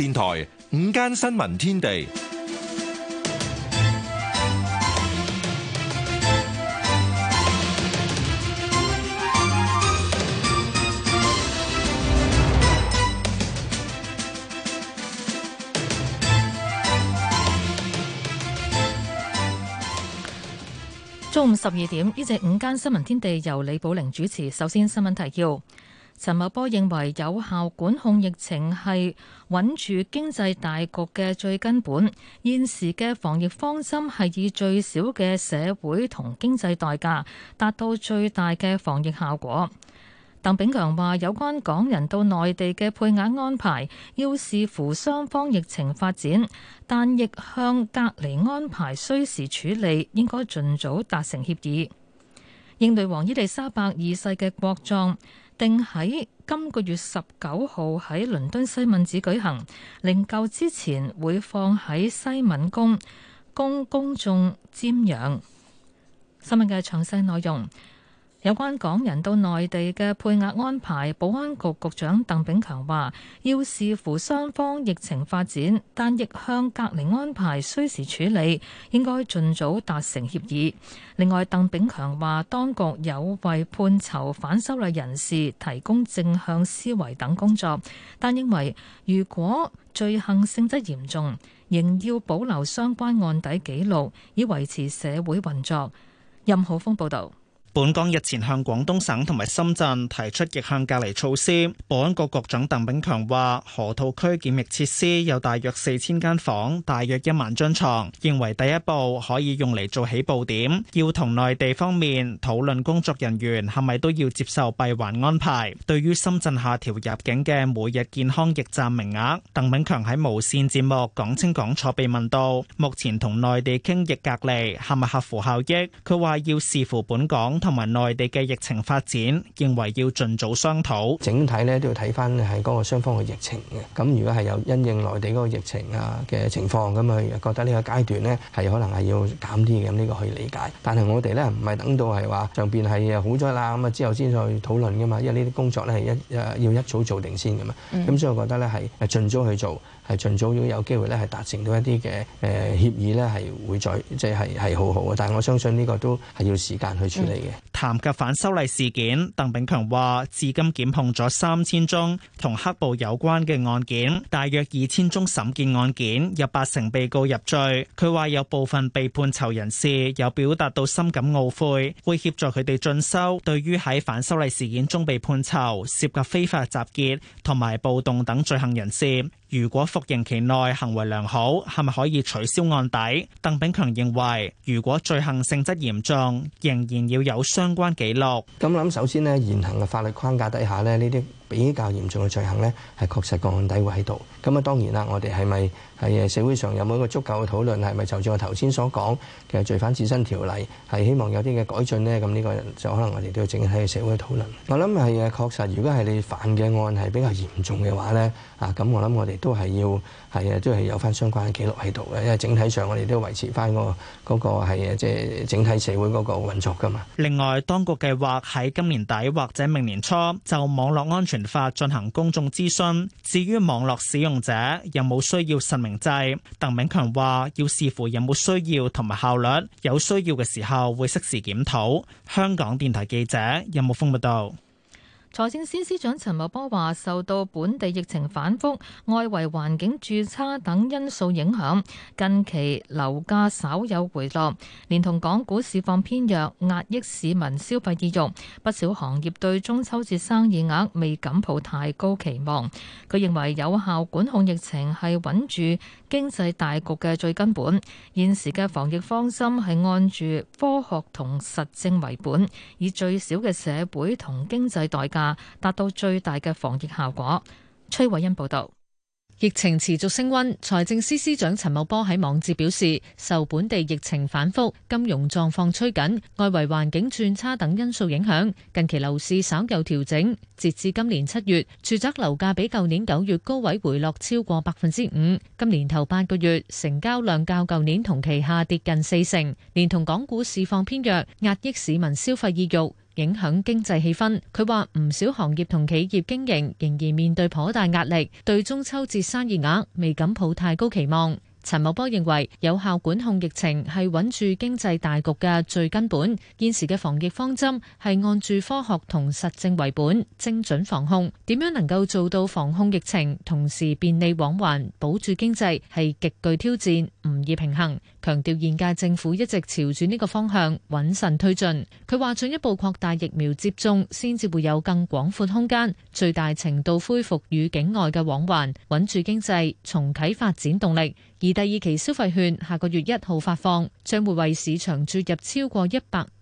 電台午間新聞天地，中午十二點，呢隻午間新聞天地由李寶玲主持。首先，新聞提要。陳茂波認為有效管控疫情係穩住經濟大局嘅最根本。現時嘅防疫方針係以最少嘅社會同經濟代價達到最大嘅防疫效果。鄧炳強話：有關港人到內地嘅配額安排，要視乎雙方疫情發展，但亦向隔離安排需時處理，應該盡早達成協議。英女王伊利沙伯二世嘅國葬，定喺今個月十九號喺倫敦西敏寺舉行，靈柩之前會放喺西敏宮，供公眾瞻仰。新聞嘅詳細內容。有關港人到內地嘅配額安排，保安局局長鄧炳強話，要視乎雙方疫情發展，但亦向隔離安排需時處理，應該盡早達成協議。另外，鄧炳強話，當局有為判囚反修例人士提供正向思維等工作，但認為如果罪行性質嚴重，仍要保留相關案底紀錄，以維持社會運作。任浩峰報導。本港日前向廣東省同埋深圳提出逆向隔離措施，保安局局長鄧炳強話：河套區檢疫設施有大約四千間房，大約一萬張床，認為第一步可以用嚟做起步點，要同內地方面討論工作人員係咪都要接受閉環安排。對於深圳下調入境嘅每日健康驛站名額，鄧炳強喺無線節目講清講楚，被問到目前同內地傾逆隔離係咪合乎效益，佢話要視乎本港。同埋內地嘅疫情發展，認為要盡早商討。整體咧都要睇返係嗰個雙方嘅疫情嘅。咁如果係有因應內地嗰個疫情啊嘅情況，咁啊覺得個階呢個階段咧係可能係要減啲嘅。咁、這、呢個可以理解。但係我哋咧唔係等到係話上邊係好咗啦，咁啊之後先再討論㗎嘛。因為呢啲工作咧一誒要一早做定先嘅嘛。咁、嗯、所以我覺得咧係盡早去做，係儘早要有機會咧係達成到一啲嘅誒協議咧係會再即係係好好嘅。但係我相信呢個都係要時間去處理。嗯談及反修例事件，鄧炳強話：至今檢控咗三千宗同黑暴有關嘅案件，大約二千宗審結案件，有八成被告入罪。佢話有部分被判囚人士有表達到深感懊悔，會協助佢哋進修。對於喺反修例事件中被判囚、涉及非法集結同埋暴動等罪行人士。如果服刑期內行為良好，係咪可以取消案底？鄧炳強認為，如果罪行性質嚴重，仍然要有相關記錄。咁諗首先呢，現行嘅法律框架底下呢，呢啲。比較嚴重嘅罪行呢，係確實個案底會喺度。咁啊，當然啦，我哋係咪喺社會上有冇一個足夠嘅討論？係咪就像我頭先所講嘅罪犯自新條例，係希望有啲嘅改進呢。咁呢個人就可能我哋都要整體嘅社會討論。我諗係啊，確實，如果係你犯嘅案係比較嚴重嘅話呢，啊咁，我諗我哋都係要係啊，都係有翻相關嘅記錄喺度嘅，因為整體上我哋都要維持翻個嗰個係啊，即係整體社會嗰個運作噶嘛。另外，當局計劃喺今年底或者明年初就網絡安全法進行公眾諮詢。至於網絡使用者有冇需要實名制，鄧炳強話要視乎有冇需要同埋效率，有需要嘅時候會適時檢討。香港電台記者任木風報道。財政司司長陳茂波話，受到本地疫情反覆、外圍環境轉差等因素影響，近期樓價稍有回落，連同港股市況偏弱，壓抑市民消費意欲，不少行業對中秋節生意額未敢抱太高期望。佢認為有效管控疫情係穩住。經濟大局嘅最根本，現時嘅防疫方針係按住科學同實證為本，以最少嘅社會同經濟代價，達到最大嘅防疫效果。崔偉恩報道。疫情持續升溫，財政司司長陳茂波喺網誌表示，受本地疫情反覆、金融狀況趨緊、外圍環境轉差等因素影響，近期樓市稍有調整。截至今年七月，住宅樓價比舊年九月高位回落超過百分之五。今年頭八個月成交量較舊年同期下跌近四成，連同港股市況偏弱，壓抑市民消費意欲。影響經濟氣氛，佢話唔少行業同企業經營仍然面對頗大壓力，對中秋節生意額未敢抱太高期望。陳茂波認為，有效管控疫情係穩住經濟大局嘅最根本，現時嘅防疫方針係按住科學同實證為本，精準防控。點樣能夠做到防控疫情同時便利往還，保住經濟，係極具挑戰，唔易平衡，強調現屆政府一直朝住呢個方向穩慎推進。佢話進一步擴大疫苗接種，先至會有更廣闊空間，最大程度恢復與境外嘅往還，穩住經濟，重啟發展動力。而第二期消費券下個月一號發放，將會為市場注入超過一百。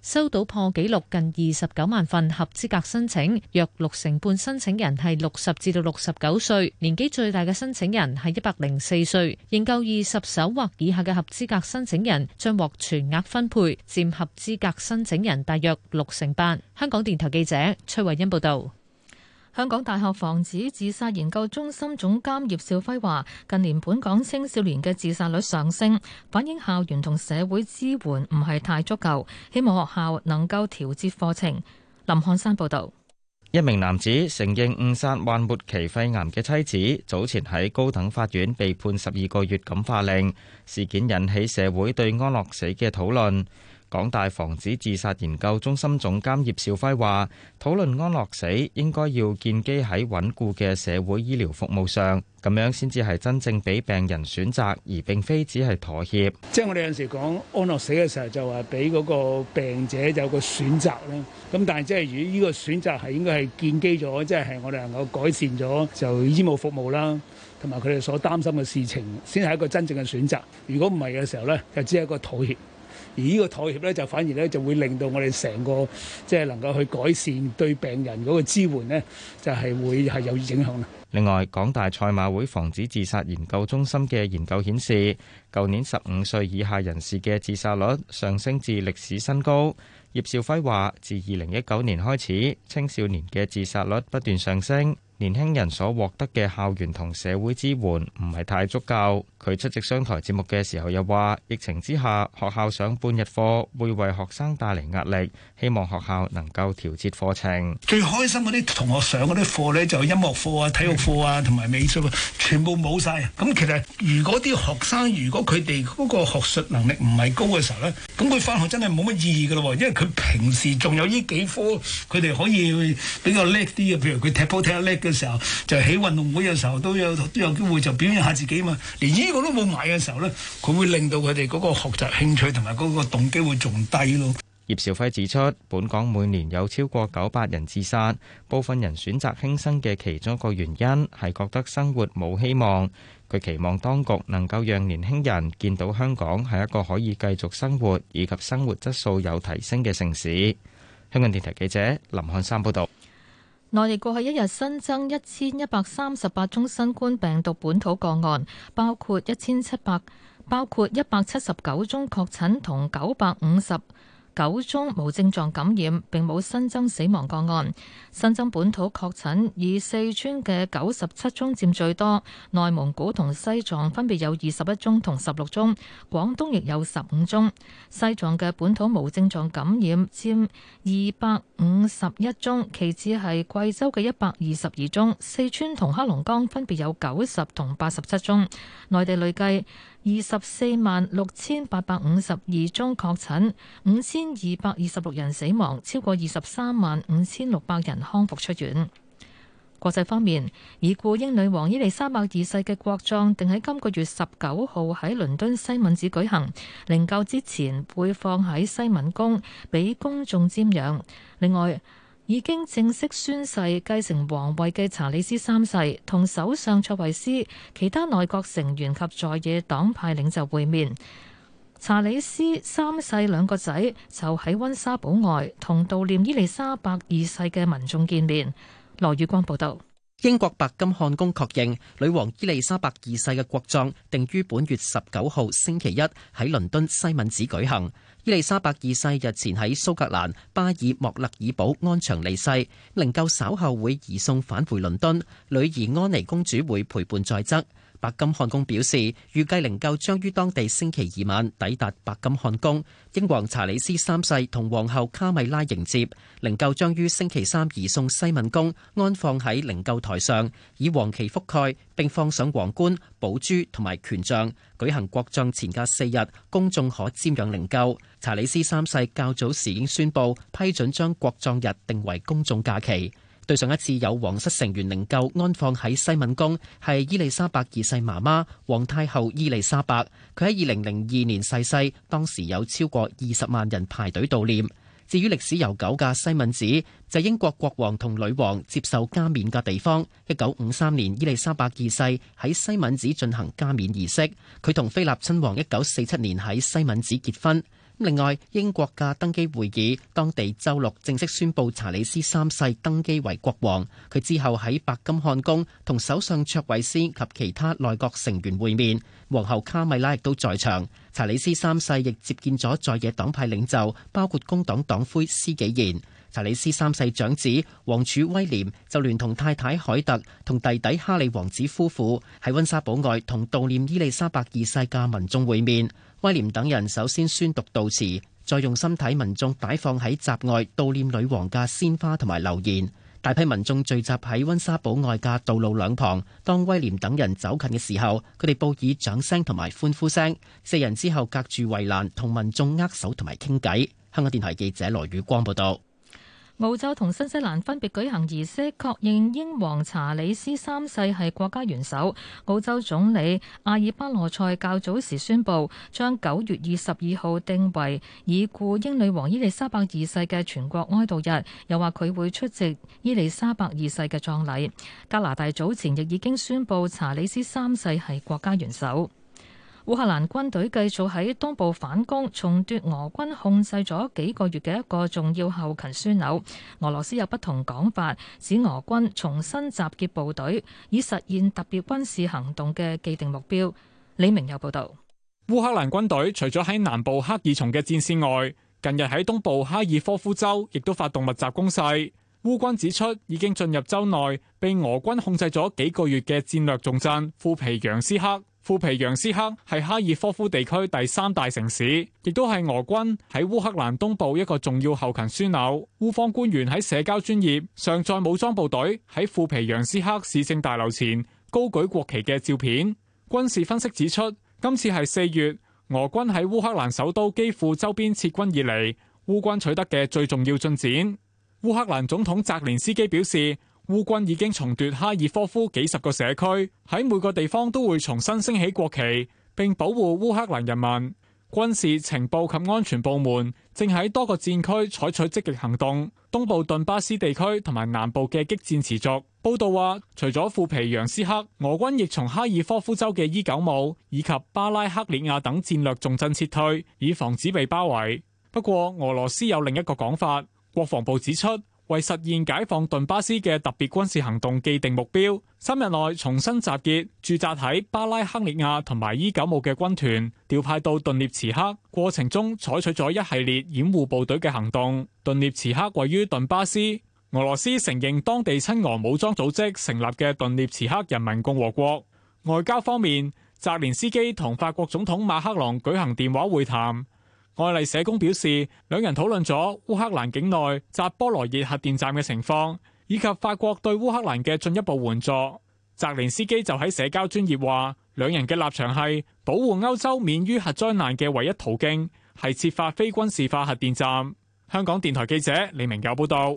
收到破紀錄近二十九萬份合資格申請，約六成半申請人係六十至到六十九歲，年紀最大嘅申請人係一百零四歲。認購二十手或以下嘅合資格申請人將獲全額分配，佔合資格申請人大約六成八。香港電台記者崔慧欣報道。香港大學防止自殺研究中心總監葉兆輝話：近年本港青少年嘅自殺率上升，反映校園同社會支援唔係太足夠，希望學校能夠調節課程。林漢山報導。一名男子承認誤殺患末期肺癌嘅妻子，早前喺高等法院被判十二個月感化令。事件引起社會對安樂死嘅討論。港大防止自殺研究中心總監葉兆輝話，討論安樂死應該要建基喺穩固嘅社會醫療服務上，咁樣先至係真正俾病人選擇，而並非只係妥協。即係我哋有陣時講安樂死嘅時候，就話俾嗰個病者有個選擇啦。咁但係即係如果呢個選擇係應該係建基咗，即係我哋能夠改善咗就醫務服務啦，同埋佢哋所擔心嘅事情，先係一個真正嘅選擇。如果唔係嘅時候咧，就只係一個妥協。而呢個妥協咧，就反而咧就會令到我哋成個即係能夠去改善對病人嗰個支援呢，就係會係有影響啦。另外，港大賽馬會防止自殺研究中心嘅研究顯示，舊年十五歲以下人士嘅自殺率上升至歷史新高。葉兆輝話：自二零一九年開始，青少年嘅自殺率不斷上升。年輕人所獲得嘅校園同社會支援唔係太足夠。佢出席商台節目嘅時候又話：疫情之下，學校上半日課會為學生帶嚟壓力，希望學校能夠調節課程。最開心嗰啲同學上嗰啲課呢，就音樂課啊、體育課啊同埋美術啊，全部冇晒。咁其實如果啲學生如果佢哋嗰個學術能力唔係高嘅時候呢。咁佢返學真係冇乜意義噶咯，因為佢平時仲有呢幾科，佢哋可以比較叻啲嘅。譬如佢踢波踢得叻嘅時候，就喺運動會嘅時候都有都有機會就表現下自己嘛。連呢個都冇埋嘅時候咧，佢會令到佢哋嗰個學習興趣同埋嗰個動機會仲低咯。葉兆輝指出，本港每年有超過九百人自殺，部分人選擇輕生嘅其中一個原因係覺得生活冇希望。佢期望當局能夠讓年輕人見到香港係一個可以繼續生活，以及生活質素有提升嘅城市。香港電台記者林漢山報導。內地過去一日新增一千一百三十八宗新冠病毒本土個案，包括一千七百，包括一百七十九宗確診同九百五十九宗無症狀感染，並冇新增死亡個案。新增本土確診以四川嘅九十七宗佔最多，內蒙古同西藏分別有二十一宗同十六宗，廣東亦有十五宗。西藏嘅本土無症狀感染佔二百五十一宗，其次係貴州嘅一百二十二宗，四川同黑龍江分別有九十同八十七宗。內地累計二十四萬六千八百五十二宗確診，五千二百二十六人死亡，超過二十三萬五千六百人康復出院。國際方面，已故英女王伊麗莎白二世嘅國葬定喺今個月十九號喺倫敦西敏寺舉行，靈柩之前會放喺西敏宮俾公眾瞻仰。另外，已經正式宣誓繼承皇位嘅查理斯三世，同首相卓慧思、其他內閣成員及在野黨派領袖會面。查理斯三世兩個仔就喺溫莎堡外同悼念伊麗莎白二世嘅民眾見面。羅宇光報道。英國白金漢宮確認，女王伊麗莎白二世嘅國葬定於本月十九號星期一喺倫敦西敏寺舉行。伊麗莎白二世日前喺蘇格蘭巴爾莫勒爾堡安詳離世，靈柩稍後會移送返回倫敦，女兒安妮公主會陪伴在側。白金漢宮表示，預計靈柩將於當地星期二晚抵達白金漢宮。英皇查理斯三世同皇后卡米拉迎接靈柩，將於星期三移送西敏宮，安放喺靈柩台上，以黃旗覆蓋並放上皇冠、寶珠同埋權杖。舉行國葬前嘅四日，公眾可瞻仰靈柩。查理斯三世較早時已經宣布批准將國葬日定為公眾假期。對上一次有皇室成員靈柩安放喺西敏宮，係伊麗莎白二世媽媽皇太后伊麗莎白。佢喺二零零二年逝世，世，當時有超過二十萬人排隊悼念。至於歷史悠久嘅西敏寺，就係英國國王同女王接受加冕嘅地方。一九五三年，伊麗莎白二世喺西敏寺進行加冕儀式。佢同菲臘親王一九四七年喺西敏寺結婚。另外，英國嘅登基會議，當地週六正式宣布查理斯三世登基為國王。佢之後喺白金漢宮同首相卓慧思及其他內閣成員會面，皇后卡米拉亦都在場。查理斯三世亦接見咗在野黨派領袖，包括工黨黨魁施紀賢。查理斯三世長子王儲威廉就聯同太太凱特同弟弟哈利王子夫婦喺溫莎堡外同悼念伊麗莎白二世嘅民眾會面。威廉等人首先宣讀悼詞，再用心睇民眾擺放喺閘外悼念女王嘅鮮花同埋留言。大批民眾聚集喺温莎堡外嘅道路兩旁，當威廉等人走近嘅時候，佢哋報以掌聲同埋歡呼聲。四人之後隔住圍欄同民眾握手同埋傾偈。香港電台記者羅宇光報道。澳洲同新西蘭分別舉行儀式，確認英皇查理斯三世係國家元首。澳洲總理阿爾巴羅賽較早時宣布，將九月二十二號定為已故英女王伊麗莎白二世嘅全國哀悼日，又話佢會出席伊麗莎白二世嘅葬禮。加拿大早前亦已經宣布查理斯三世係國家元首。烏克蘭軍隊繼續喺東部反攻，重奪俄軍控制咗幾個月嘅一個重要後勤樞紐。俄羅斯有不同講法，指俄軍重新集結部隊，以實現特別軍事行動嘅既定目標。李明有報道。烏克蘭軍隊除咗喺南部克爾松嘅戰線外，近日喺東部哈爾科夫州亦都發動密集攻勢。烏軍指出，已經進入州內被俄軍控制咗幾個月嘅戰略重鎮庫皮揚斯克。富皮揚斯克係哈爾科夫地區第三大城市，亦都係俄軍喺烏克蘭東部一個重要後勤樞紐。烏方官員喺社交專業上載武裝部隊喺庫皮揚斯克市政大樓前高舉國旗嘅照片。軍事分析指出，今次係四月俄軍喺烏克蘭首都基輔周邊撤軍以嚟烏軍取得嘅最重要進展。烏克蘭總統澤連斯基表示。烏軍已經重奪哈爾科夫幾十個社區，喺每個地方都會重新升起國旗，並保護烏克蘭人民。軍事情報及安全部門正喺多個戰區採取積極行動。東部頓巴斯地區同埋南部嘅激戰持續。報道話，除咗庫皮揚斯克，俄軍亦從哈爾科夫州嘅伊久姆以及巴拉克里亞等戰略重鎮撤退，以防止被包圍。不過，俄羅斯有另一個講法。國防部指出。為實現解放頓巴斯嘅特別軍事行動既定目標，三日內重新集結駐紮喺巴拉克利亞同埋伊久姆嘅軍團，調派到頓涅茨克。過程中採取咗一系列掩護部隊嘅行動。頓涅茨克位於頓巴斯，俄羅斯承認當地親俄武裝組織成立嘅頓涅茨克人民共和國。外交方面，澤連斯基同法國總統馬克龍舉行電話會談。愛麗舍宮表示，兩人討論咗烏克蘭境內扎波羅熱核電站嘅情況，以及法國對烏克蘭嘅進一步援助。澤連斯基就喺社交專業話，兩人嘅立場係保護歐洲免於核災難嘅唯一途徑，係設法非軍事化核電站。香港電台記者李明有報道。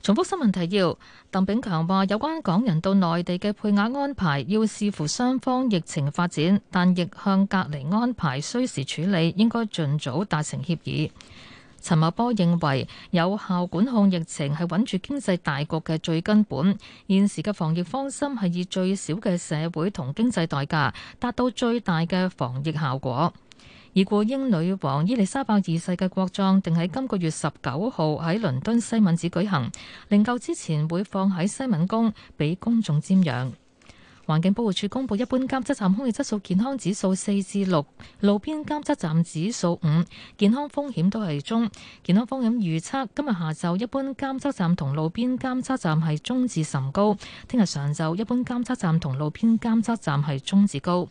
重複新聞提要。鄧炳強話：有關港人到內地嘅配額安排，要視乎雙方疫情發展，但逆向隔離安排需時處理，應該盡早達成協議。陳茂波認為有效管控疫情係穩住經濟大局嘅最根本。現時嘅防疫方針係以最少嘅社會同經濟代價達到最大嘅防疫效果。已故英女王伊麗莎白二世嘅國葬定喺今個月十九號喺倫敦西敏寺舉行，靈柩之前會放喺西敏宮俾公眾瞻仰。環境保護署公布，一般監測站空氣質素健康指數四至六，路邊監測站指數五，健康風險都係中。健康風險預測今日下晝一般監測站同路邊監測站係中至甚高，聽日上晝一般監測站同路邊監測站係中至高。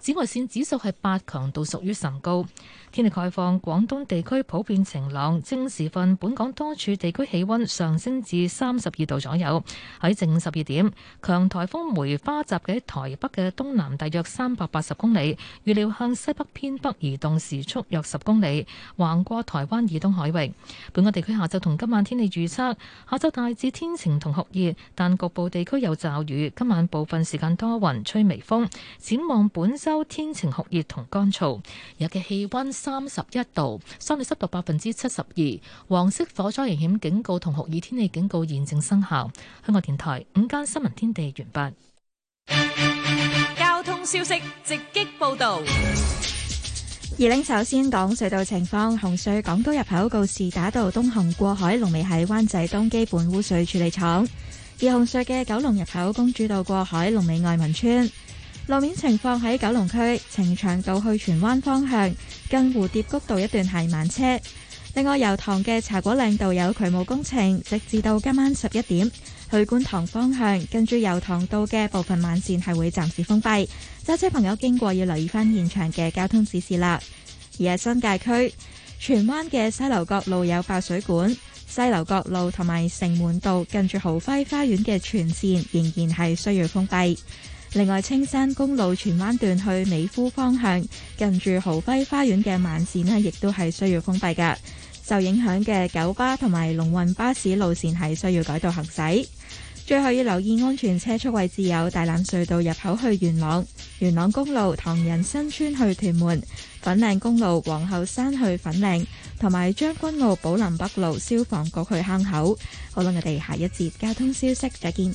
紫外線指數係八強度，屬於甚高。天氣概況，廣東地區普遍晴朗，正時分，本港多處地區氣溫上升至三十二度左右。喺正午十二點，強台風梅花集結喺台北嘅東南，大約三百八十公里，預料向西北偏北移動，時速約十公里，橫過台灣以東海域。本港地區下晝同今晚天氣預測：下晝大致天晴同酷熱，但局部地區有驟雨。今晚部分時間多雲，吹微風。展望本周天晴酷熱同乾燥，有嘅氣温。三十一度，相對濕度百分之七十二，黃色火災危險警告同酷熱天氣警告現正生效。香港電台午間新聞天地完畢。交通消息直擊報道。二零首先講隧道情況，紅隧港島入口告士打道東行過海，龍尾喺灣仔東基本污水處理廠；而紅隧嘅九龍入口公主道過海，龍尾愛民村。路面情況喺九龍區呈祥道去荃灣方向，近蝴蝶谷道一段係慢車。另外，油塘嘅茶果嶺道有渠務工程，直至到今晚十一點去觀塘方向，跟住油塘道嘅部分慢線係會暫時封閉。揸車朋友經過要留意翻現場嘅交通指示啦。而喺新界區荃灣嘅西樓角路有爆水管，西樓角路同埋城門道近住豪輝花園嘅全線仍然係需要封閉。另外，青山公路荃灣段去美孚方向，近住豪輝花園嘅慢線呢亦都係需要封閉嘅。受影響嘅九巴同埋龍運巴士路線係需要改道行駛。最後要留意安全車速位置有大欖隧道入口去元朗、元朗公路唐人新村去屯門、粉嶺公路皇后山去粉嶺，同埋將軍澳寶林北路消防局去坑口。好啦，我哋下一節交通消息再見。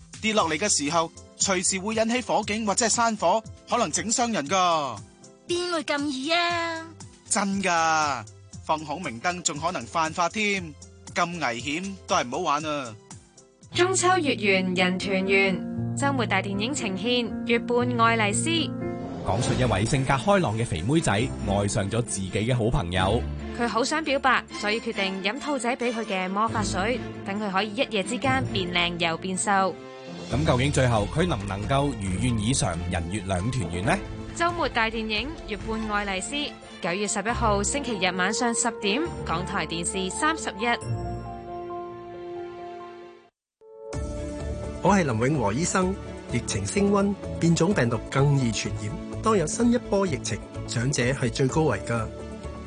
跌落嚟嘅時候，隨時會引起火警或者係山火，可能整傷人噶。邊會咁易啊？真噶，放孔明燈仲可能犯法添，咁危險都係唔好玩啊！中秋月圓人團圓，周末大電影呈現《月半愛麗絲》，講述一位性格開朗嘅肥妹仔愛上咗自己嘅好朋友，佢好想表白，所以決定飲兔仔俾佢嘅魔法水，等佢可以一夜之間變靚又變瘦。咁究竟最後佢能唔能夠如願以償，人月兩團圓呢？週末大電影《月半愛麗絲》，九月十一號星期日晚上十點，港台電視三十一。我係林永和醫生。疫情升溫，變種病毒更易傳染。當有新一波疫情，長者係最高危㗎。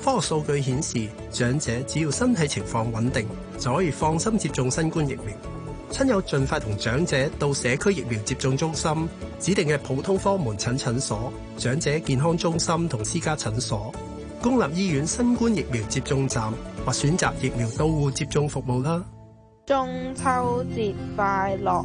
科學數據顯示，長者只要身體情況穩定，就可以放心接種新冠疫苗。親友盡快同長者到社區疫苗接種中心、指定嘅普通科門診診所、長者健康中心同私家診所、公立醫院新冠疫苗接種站或選擇疫苗到戶接種服務啦！中秋節快樂！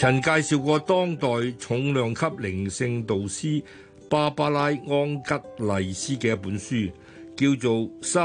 曾介紹過當代重量級靈性導師芭芭拉安吉麗斯嘅一本書叫做《三》。